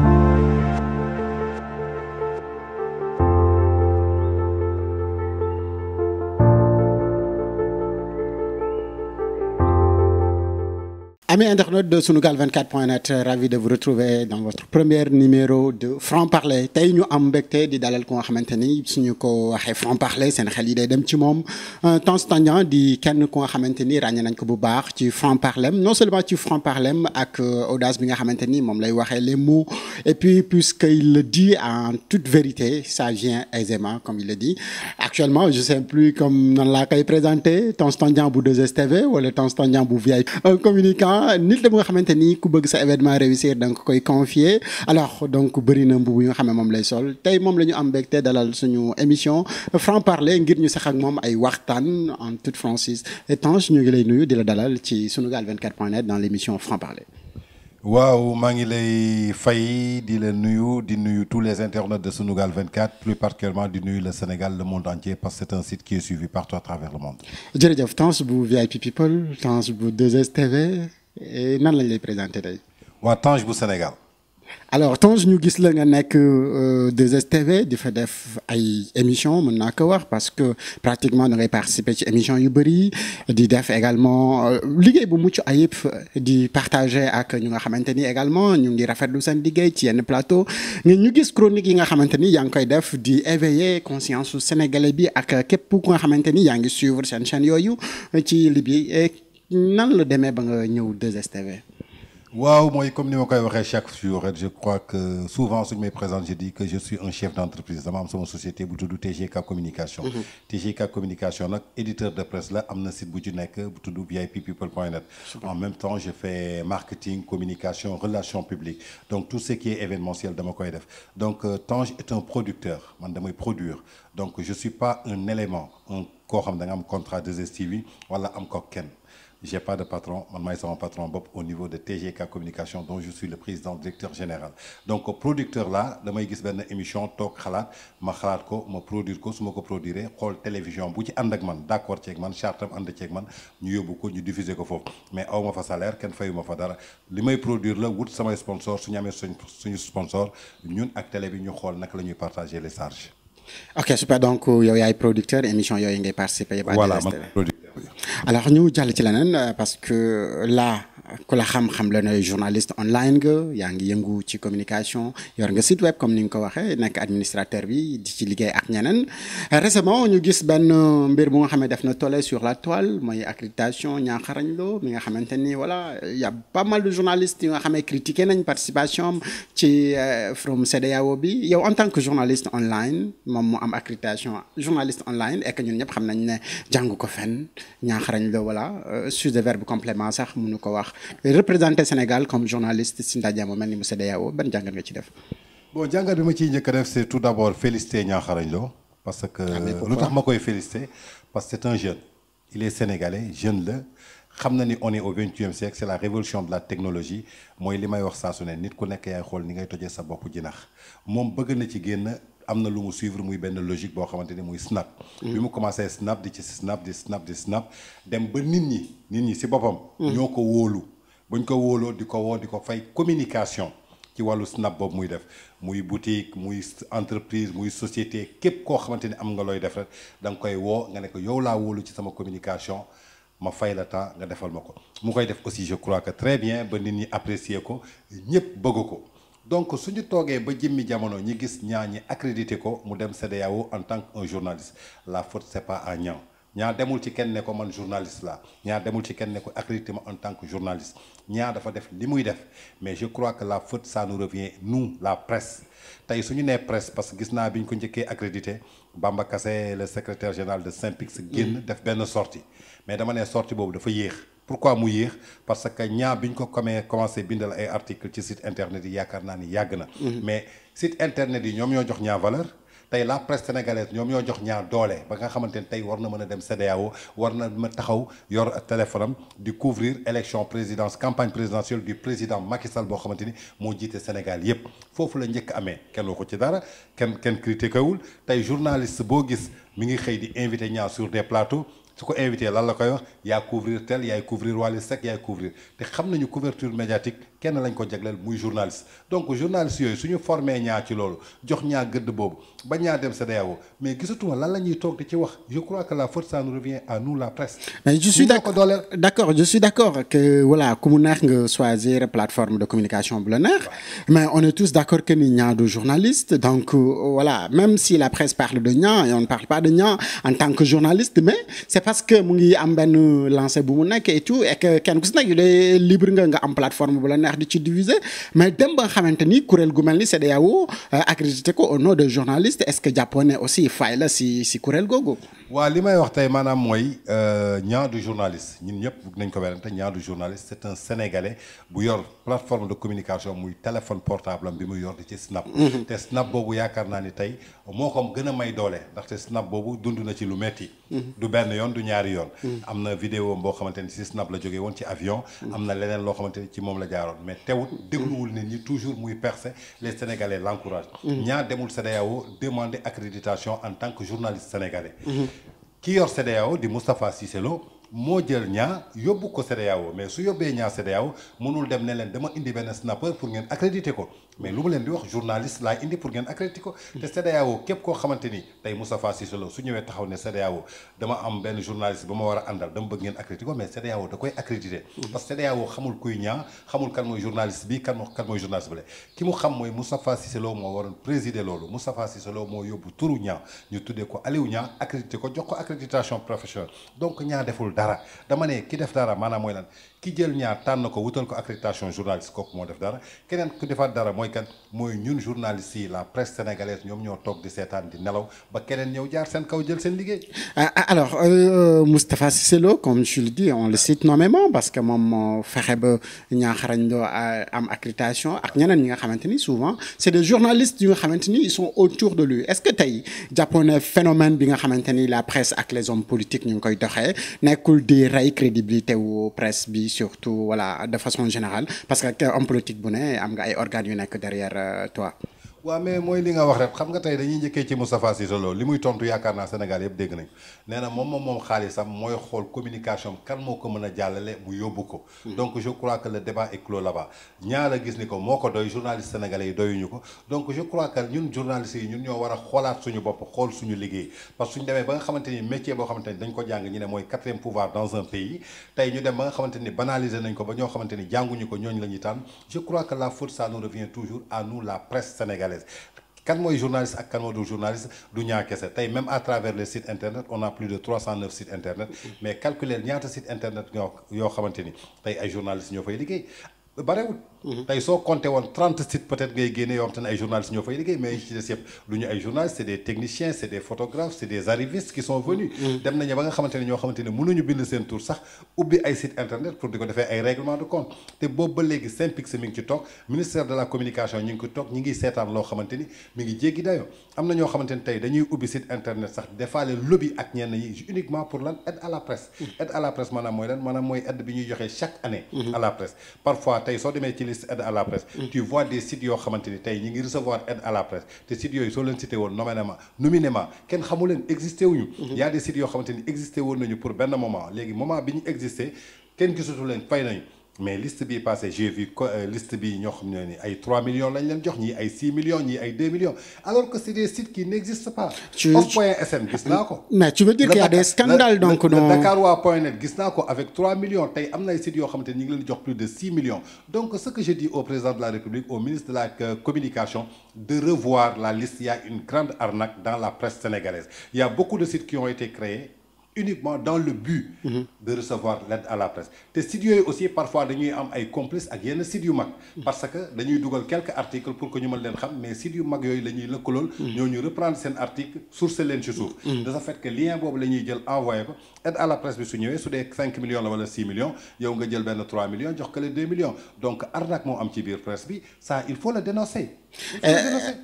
Thank you. Amis internautes de Sunugal 24 point net ravi de vous retrouver dans votre premier numéro de franc parler tey ñu am mbégte di dalal ko nga xamante ni suñu ko waxee franc parler seen xel yi day dem ci moom Tange Tandian di kenn ko nga xamante ni ràññee nañ ko bu baax ci franc parler non seulement ci franc parler ak euh, audace bi nga xamante ni moom lay waxee les mots et puis puisqu'il le dit en toute vérité ça vient aisément comme il le dit actuellement je sais plus comme nan laa koy présenter Tange Tandian bu 2STV wala Tange Tandian bu VIP nit la bu nga xamante ni ku bëgg sa événement réussir da nga koy confier alors donc bëri na yu nga xam moom lay sol tey moom la ñu am mbégte dalal suñu émission franc parler ngir ñu sax ak moom ay waxtaan en toute franchise Tange ñu ngi lay nuyu di la dalal ci Sunugal 24 point net dans l' émission franc parler. ngi lay fay di la nuyu di nuyu tous les internautes de Sunugal 24 plus particulièrement di nuyu le Sénégal le monde entier parce que c'est un site qui est suivi partout à travers le monde. jërëjëf Tange bu VIP People Tange bu 2STV. nan lañ lay présenté tey. waa Tange bu Sénégal. alors Tange ñu gis la nga nekk 2STV euh, di fa def ay émission mën naa ko wax parce que pratiquement da ngay participer ci émission yu bëri di def également euh, liggéey bu mucc ayib di partager ak ñu nga xamante ni également ñu ngi rafetlu seen liggéey ci yenn plateau ñu gis chronique yi nga xamante ni yaa ngi koy def di éveiller conscience su sénégalais bi ak képp ku nga xamante ni yaa ngi suivre seen chaîne yooyu ci li bi nan la demee ba nga ñëw 2STV. waaw mooy comme ni ma koy waxee chaque jour je crois que souvent suñu may présente je dis que je suis un chef d' entreprise dama am société bu tudd TGK communication. Mhm. TGK communication nag éditeur de presse la am na site bu ci nekk bu tudd vippeople.net. en même temps je fais marketing communication relations publiques donc tout ce qui est événementiel dama koy def donc euh, Tange est un producteur man damay produire donc je suis pas un élément koo xam da nga am contrat de 2STV wala am ko kenn. j'ai pas de patron man maay sama patron bopp au niveau de TGK communication dont je suis le président directeur général donc producteur là damay gis benn émission toog xalaat ma xalaat ko ma produire ko su ma ko produire xool télévision bu ci ànd ak man d'accord ceeg man chartam ànd ceeg man ñu yóbbu ko ñu diffuser ko foofu mais aw ma fa salaire kenn fayu ma fa dara li may produire la wut samay sponsor suñu amee suñ suñu sponsor ñun ak télé bi ñu xool naka la ñuy partager les charges ok super donc euh, yow yaay producteur émission yooyu alors ñu jàll ci leneen euh, parce que là ku la xam-xam la ne journaliste online nga yaa ngi yëngu ci communication yor nga site web comme ni nga ko waxee nekk administrateur bi di ci liggéey ak ñeneen récemment ñu gis benn mbir bu nga xam ne def na tollé sur la toile mooy accréditation ñaaxarañ loo mi nga xamante ni wala y a pas mal de journalistes yi nga xam ne critiqué nañ participation am ci euh, from CEDEAO bi yow en tant que journaliste online moom mu am accréditation journaliste online ek que ñun ñëpp xam nañ ne jàng ko fenn ñaaxarañ loo voilà euh, sujet de verbe complément sax mënu ko wax représenté Sénégal comme journaliste si ndaje mu mel ni monsieur Deyao ban jàngat nga ci def. bon jàngat bi ma ciy njëkk a def c'est tout d'abord féliciter Niakharañ Lo parce que ah, lu tax ma koy féliciter parce que c'est un jeune il est sénégalais jeune la xam na ni on est au vingtième siècle c'est la révolution de la technologie mooy li may wax saa su ne nit ku nekk yaay xool ni ngay tojee sa bopp jinax moom bëgg na ci génn am na lu mu suivre muy benn logique boo xamante ni muy snap mm. bi mu commencé snap di ci snap di snap di snap dem ba nit ñi nit ñi si boppam mm. ñoo ko wóolu buñ ko wóoloo di ko woo di ko fay communication ci wàllu snap boobu muy def muy boutique muy entreprise muy société képp koo xamante ni am nga looy def rek da nga koy woo nga ne ko yow laa wóolu ci sama communication ma fay la temps nga defal ma ko mu koy def aussi je crois que très bien ba nit ñi apprécier ko ñëpp bëgg ko donc suñu toogee ba jëmmi jamono ñi gis ñaar ñi accrédité ko mu dem CEDEAO en tant que un journaliste la faute c'est pas à Niang ñaa demul ci kenn ne ko man journaliste la ñaa demul ci kenn ne ko accrédité ma en tant que journaliste ñaa dafa def li muy def mais je crois que la faute ça nous revient nous la presse tey su ñu nee presse parce que gis naa bi ñu ko njëkkee accrédité Bamba le secrétaire général de Synpics génn mm. def benn sortie mais dama ne sortie boobu dafa yéex pourquoi mu yéex parce que ñaa bi ñu ko comee commencé bindal ay article ci site internet yi yaakaar naa ni yàgg na mm. mais site internet yi ñoom ñoo jox ñaa tey la presse sénégalaise ñoom ñoo jox ñaar doole ba nga xamante ne tey war na mën a dem CEDEAO war na ma taxaw yor téléphone am di couvrir élection présidence campagne présidentielle du président Macky Sall boo xamante ni moo jiite Sénégal yépp foofu la njëkk amee kenn ko ci dara kenn kenn critiqué wul tey journaliste boo gis mu ngi xëy di invité ñaar sur des plateaux su ko invité lan la koy wax yaa couvrir tel yaay couvrir Wally Seck yaay couvrir te xam nañu couverture médiatique kenn lañ ko jagleel muy journaliste donc journaliste yooyu suñu formé ñaa ci loolu jox ñaa gëdd boobu ba ñaa dem CEDEAO mais gisatuma lan la toog di ci wax je crois que la force ça nous revient à nous la presse. je je suis d'accord que voilà ku mu neex nga choisir plateforme de communication bu la neex mais on est tous d'accord que ni ñaa du journaliste donc euh, voilà même si la presse parle de ñaa on parle pas de ñaa en tant que journaliste neex di ci diviser mais dem ba nga ni kuréel gu mel ni CEDEAO euh, accrédité ko o nom de journaliste est-ce que jàppoon ne aussi faille la si si kuréel googu. waaw li may wax tey maanaam mooy euh, ñaa du journaliste ñun ñëpp bugg nañ ko werante ñaa du journaliste c'est un sénégalais bu yor plateforme de communication muy téléphone portable bi mu yor di ci snap mhm. te snap boobu yaakaar naa ni tey moo ko gën a may doole ndaxte snap boobu dund na ci lu metti mhm. du benn yoon du ñaari yoon mhm. am na vidéo boo xamante ni si snap la jogee woon ci avion am na leneen loo xamante ni ci moom la jaaroon mais teewut dégluwul nit ñi toujours muy percer les sénégalais l'encourage ñaa demul CEDEAO demander accréditation en tant que journaliste sénégalais ki yor CEDEAO di Moustapha Cissé Lo moo jël ñaa yóbbu ko CEDEAO mais su yóbbee ñaa CEDEAO mënul dem ne leen dama indi benn snapper pour ngeen accrédité ko mais lu mu leen di wax journaliste laa indi pour ngeen accrédité ko te koo xamante ni tey Moustapha Cissé Lo su ñëwee taxaw ne CEDEAO dama am benn journaliste ba ma war a àndal dama bëgg ngeen accrédité ko mais CEDEAO da koy accrédité mm-hmm. parce que CEDEAO xamul kuy ñaa xamul kan mooy journaliste bi kan kan mooy journaliste bale ki mu xam mooy Moustapha Cissé Lo moo waroon présider loolu Moustapha Cissé Lo moo yóbbu turu ñaa ñu tuddee ko Aliou ñaa accrédité ko jox ko accréditation professionnelle donc ñaa deful dara dama ne ki def dara maanaam mooy lan ki jël ñaar tànn ko wutal ko accréditation journaliste kooku moo def dara keneen ku defaat dara mooy kan mooy ñun journaliste yi la presse sénégalaise ñoom ñoo toog di seetaan di nelaw ba keneen ñëw jaar seen kaw jël seen liggéey. Ah, ah, alors euh, euh Moustapha Cissé Lo comme je le dis on le cite nommément parce que moom fexe ba ñaaxarañ doo euh, am accréditation ak ñeneen ñi nga xamante ni souvent c'est des journalistes yu nga xamante ni ils sont autour de lui est-ce nga xamante ni la presse ak les hommes ñu ngi koy doxee nekkul di rey crédibilité wu presse bi surtout voilà de façon générale parce que homme politique bu ne am nga ay organes yu nekk derrière euh, toi. waaw mais mooy li nga wax rek xam nga tey dañuy njëkkee ci Moustapha Cissé Lo li muy tontu yaakaar naa Sénégal yëpp dégg nañ ko nee na moom moom moom mooy kan moo ko mën jàllale mu yóbbu ko hmm. donc je que le débat est a gis ko moo ko doy journaliste sénégalais yi doyuñu ko je crois que ñun ñoo war a xoolaat bopp xool suñu liggéey parce que suñu demee ba nga xamante ne mooy quatrième pouvoir dans un pays tey ñu dem ba nga xamante ni nañ ko ba ñoo xamante ni jànguñu ko ñooñu la ñuy tànn je crois que la faute ça nous revient toujours à la presse sénégalaise sénégalaise kan mooy journaliste ak kan moo dul journaliste du ñaa kese tey même à travers les sites internet on a plus de 309 sites internet mm-hmm. mais calculer ñaata site internet ñoo yoo xamante ni tey ay journalistes ñoo fay liggéey barewul mhm. tey soo compté woon trente sites peut-être ngay génne yoo xam te ne ay journalistes ñoo fay liggéey mais yi ci des yëpp du ñu ay journalistes c'est des techniciens c'est des photographes c'est des arrivistes qui sont venus mhm. dem nañu ba nga xamante ne ñoo xamante ne mënuñu bind seen tour sax ubbi ay site internet pour di ko defee ay règlement de compte te boobu ba léegi Synpics mi ngi ci toog ministère de la communication ñu ngi ko toog ñi ngi seetaan loo xamante mi ngi jéggi tey soo demee ci liste aide à la presse. Mm. tu vois des sites yoo xamante ni tey ñi ngi recevoir aide à la presse te sites yooyu soo leen cité woon nommément nominément kenn xamu leen existé wuñu. Mm-hmm. y a des sites yoo xamante ni existé woon nañu pour benn moment léegi moment bi ñu existé kenn gisatu leen fay nañu. mais liste bii passé j'ai vu euh, liste bii ñoo xam ne ni ay 3 millions lañ leen jox ñii ay 6 millions ñii ay 2 millions alors que c'est des sites qui n'existent pas. tu point sn gis naa ko. mais tu veux dire qu'il y a des scandales donc non Dakarois point net gis naa ko avec 3 millions tey am na ay sites yoo xamante ni ñu ngi leen jox plus de 6 millions donc ce que je dis au président de la République au ministre de la euh, communication de revoir la liste a une grande arnaque dans uniquement dans le but mhm. de recevoir l'aide à la presse te sites yooyu aussi parfois dañuy am ay complices ak yenn sites yu mag mhm. parce que dañuy dugal quelques articles pour que ñu mën leen xam mais sites yu mag yooyu la ñuy lëkkalool mhm. ñooñu reprendre seen article source leen ci suuf de ce fait que lien boobu la jël envoyé ko aide à la presse bi su ñëwee su dee cinq la wala six millions yow nga jël benn trois millions jox ko deux millions donc arnaque moo Euh,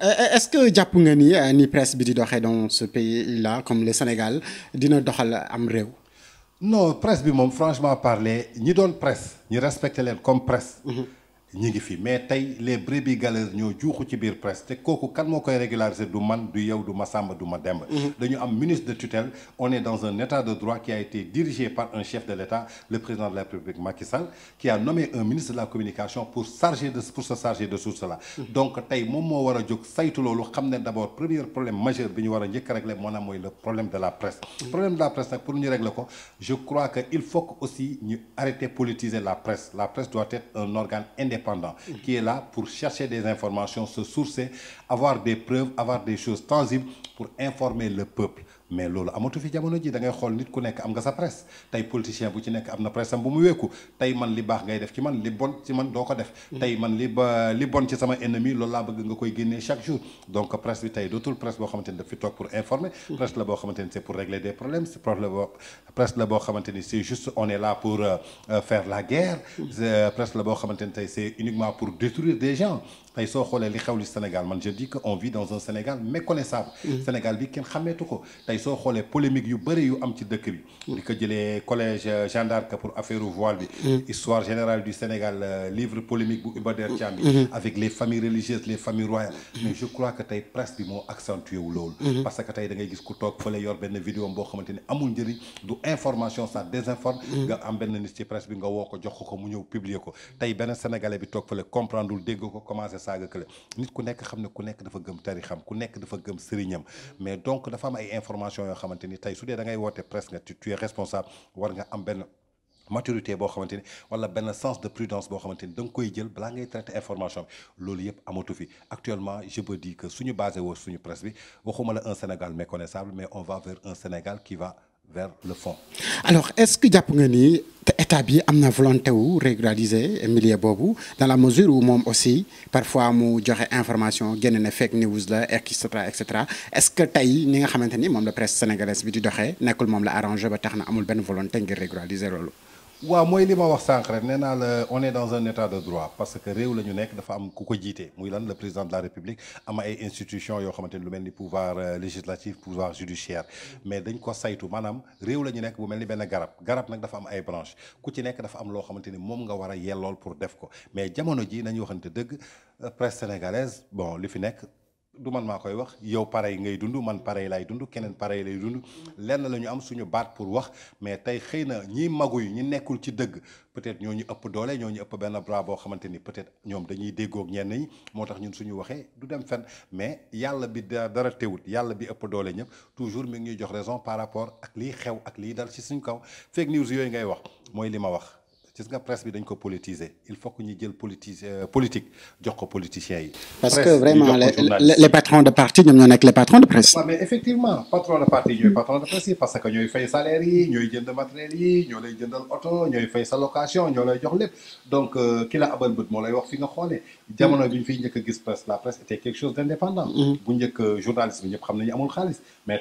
euh, est-ce que jàpp nga ni euh, ni presse bi di doxee dans ce pays-là comme le Sénégal dina doxal am réew. no presse bi moom franchement parler ñi doon presse ñi respecté leen comme presse. Mm-hmm. ñi ngi fi mais tey les brebis galeuses ñoo juuxu ci biir presse te kooku kan moo koy régulariser du man du yow du Massamba du Mademba mhm. dañu am ministre de tutelle on est dans un état de droit qui a été dirigé par un chef de l'État le président de la République Macky Sall a nommé un ministre de la communication pour charger de pour se charger de tout mhm. donc tey moom moo war a jóg saytu loolu xam ne d'abord premier problème majeur bi ñu war njëkk a régler maanaam mooy le problème de la presse mhm. problème de la presse nag pour ñu régler ko je indépendant qui est là pour chercher des informations, se sourcer, avoir des preuves, avoir des choses tangibles pour informer le peuple. mais loolu amatu fi jamono ji da ngay xool nit ku nekk am nga sa presse tey politicien bu ci nekk am na presse am bu mu wékku tey man li baax ngay def ci man li bon ci doo ko def mm. tey man li li bon ci sama ennemi loolu laa bëgg nga koy génnee chaque jour donc presse bi tey dootul presse boo xamante ni daf fi toog pour informer mm. presse la boo xamante ni c'est pour régler des problèmes c'est problème boo presse la boo xamante ni c'est juste on est là pour euh, euh, faire la guerre mm. euh, presse la boo xamante ni tey c'est uniquement pour détruire des gens tey soo xoolee li xew li Sénégal man je dis que on vit dans un Sénégal méconnaissable Sénégal bi kenn xàmmeetu ko tey soo xoolee polémique yu bëri yu am ci dëkk bi. di ko jëlee collège Jeanne euh, d'Arc pour affaire voile bi. Mm. histoire générale du Sénégal euh, livre polémique bu Iba Der Thiam bi. Mm-hmm. Mm-hmm. avec les familles religieuses les familles royales. mais je crois que tey presse bi moo accentué loolu. Mm-hmm. parce que tey da ngay gis ku toog fële yor benn vidéo boo xamante ni amul njëriñ du information ça désinforme. nga am benn nit ci presse bi nga woo ko jox ko mu ñëw publier ko tey benn sénégalais bi toog fële comprendre dégg ko commencé saaga kële ku nekk xam ne ku nekk dafa gëm tarixam ku nekk dafa gëm sëriñam formation yoo xamante ni tey su dee da ngay woote presque nga tu es responsable war nga am benn maturité boo xamante ni benn sens de prudence boo xamante ni da nga koy jël balaa ngay traité information bi loolu yëpp amatu fi actuellement je peux dire que suñu basé woo suñu presse bi waxuma la un Sénégal méconnaissable mais on va vers un Sénégal qui va vers le fond. alors est-ce que jàpp nga ni te état bi am na volonté wu régulariser milieu boobu dans la mesure où moom aussi parfois mu joxe information génne na fake news la et cetera et est-ce que tey ni nga xamante ni moom la presse sénégalaise bi di doxee nekkul moom la arrangé ba tax na amul benn volonté ngir régulariser loolu. waaw mooy li ma wax sànq rek nee naa la on est dans un état de droit parce que réew la ñu nekk dafa am ku ko jiite muy lan le président de la république am ay institutions yoo xamante ni lu mel ni pouvoir euh, législatif pouvoir judiciaire mais dañ ko saytu maanaam réew la ñu nekk bu mel ni benn garab garab nag dafa am ay branche ku ci nekk dafa am loo xamante ni moom nga war a yellool pour def ko mais jamono ji nañu waxante dëgg euh, presse sénégalaise bon li fi nekk du man maa koy wax yow parey ngay dund man parey lay dund keneen parey lay dund lenn la ñu am suñu baat pour wax mais tey xëy na ñi magu yi ñi nekkul ci dëgg peut-être ñoo ñu ëpp doole ñooñu ëpp benn bras boo xamante ni peut-être ñoom dañuy déggoog ñenn ñi moo tax ñun suñu waxee du dem fenn mais yàlla bi dara teewut yàlla bi ëpp doole ñëpp toujours mi ñuy jox raison par rapport ak liy xew ak liy dal ci suñ kaw fake news yooyu ngay wax mooy li ma wax. gis nga presse bi dañ ko politiser il faut que ñu jël politis euh, politique jox ko politiciens yi. parce que vraiment les les patrons de parti ñoom ñoo nekk les patrons de presse. parce que ñooy fay salaire yi ñooy jënd matériel yi ñoo lay jëndal oto ñooy fay sa location ñoo lay jox lépp donc euh, ki la abal bët moo lay wax fi nga xoolee. jamono bi ñu fiy njëkk gis presse la presse était quelque chose d' indépendant. Mm-hmm. bu njëkk euh, journaliste bi xam nañu amul xaalis mais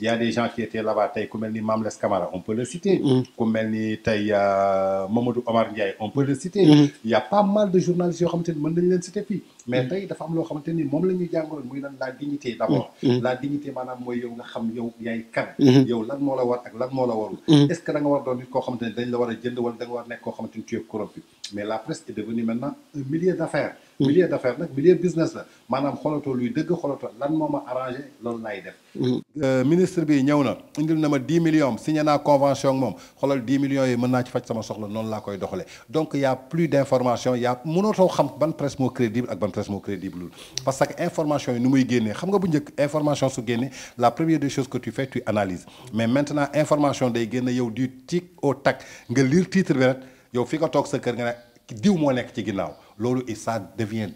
il y a des gens qui ku mel ni Mame Less Camara on peut le citer. Mm-hmm. ku mel ni tey euh, Mamadou Omar Ndiaye on peut le citer. Mm-hmm. il y a pas mal de journalistes yoo xamante ni mën nañu leen citer fii. mais mm-hmm. tey dafa am loo xamante ni moom la ñuy jàngaloon muy lan la dignité d'abord. la dignité maanaam mooy yow nga xam yow yaay kan. yow lan moo la war ak lan moo la warul. est-ce que da nga war doon nit koo xamante ni dañ la war a jënd wala da nga la presse est devenue maintenant un ma arrangé loolu laay ministre bi ñëw na indil na ma 10 millions signé naa convention ak moom xoolal 10 millions yi mën naa ci faj sama soxla noonu laa koy doxalee donc y' plus d' information mënootoo xam ban presse moo crédible ak ban presse moo crédible parce que information yi nu muy génnee xam nga bu njëkk information su génnee la première des choses que tu fais tu analyses mais maintenant information day génn yow du tic au tac nga lire titre bi rek fi nga toog sa kër nga ne moo nekk ci ginnaaw loolu et ça devient